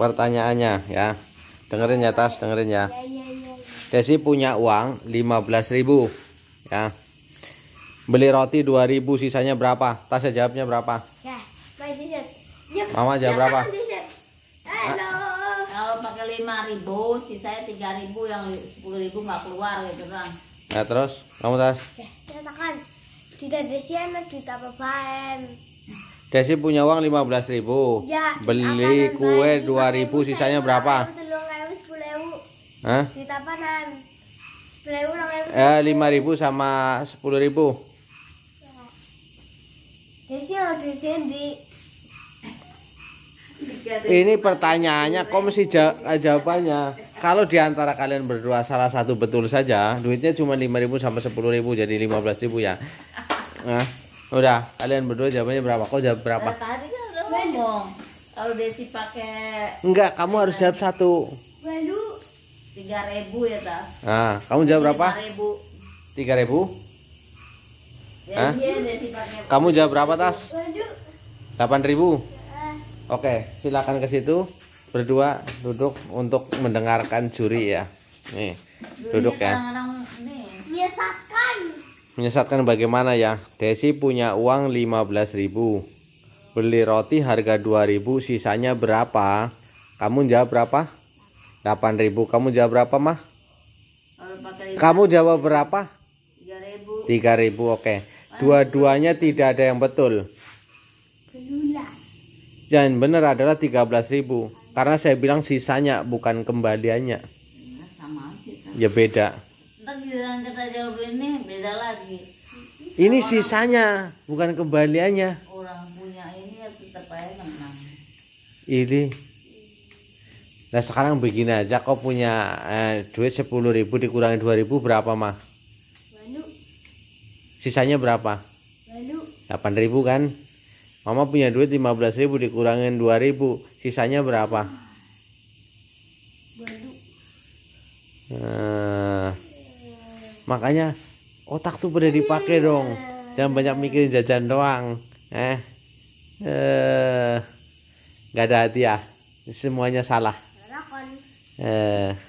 pertanyaannya ya dengerin ya tas dengerin ya Desi punya uang 15.000 ya beli roti 2000 sisanya berapa tas ya jawabnya berapa ya, Mama jawab berapa kalau pakai 5000 sisanya 3000 yang 10000 nggak keluar gitu kan ya terus kamu tas ya, tidak kita tidak beban Desi punya uang 15 ribu ya, Beli kue 2 ribu sisanya berapa? Hah? Eh, 5 ribu sama 10 ribu oh, ini pertanyaannya kok mesti eh, jawabannya kalau diantara kalian berdua salah satu betul saja duitnya cuma 5000 sampai 10000 jadi 15000 ya nah Udah, kalian berdua jawabannya berapa? Kau jawab berapa? Eh, tadi kan udah ngomong. Kalau Desi pakai Enggak, kamu harus jawab satu. Walu 3000 ya, Ta? Nah, ah, kamu jawab berapa? 3000. 3000? Ya, iya, Desi pakai. Kamu jawab berapa, Tas? 8000. Eh. Oke, silakan ke situ. Berdua duduk untuk mendengarkan juri ya. Nih, duduk ya. Biasakan menyesatkan bagaimana ya? Desi punya uang 15.000. Beli roti harga 2.000, sisanya berapa? Kamu jawab berapa? 8.000. Kamu jawab berapa, Mah? Kamu jawab berapa? 3.000. oke. Okay. Dua-duanya tidak ada yang betul. Dan benar adalah 13.000 karena saya bilang sisanya bukan kembaliannya. Iya, ya beda yang kita jawab ini beda lagi. Ini orang, sisanya, bukan kembaliannya. Orang punya ini ya kita aja menang. Ini. Nah sekarang begini aja, kau punya eh, duit sepuluh ribu dikurangi dua ribu berapa mah? Banyak. Sisanya berapa? Banyak. Delapan ribu kan? Mama punya duit 15 ribu dikurangin 2 ribu Sisanya berapa? Banyak. Nah makanya otak tuh boleh dipakai dong jangan banyak mikir jajan doang eh eh ada hati ya semuanya salah eh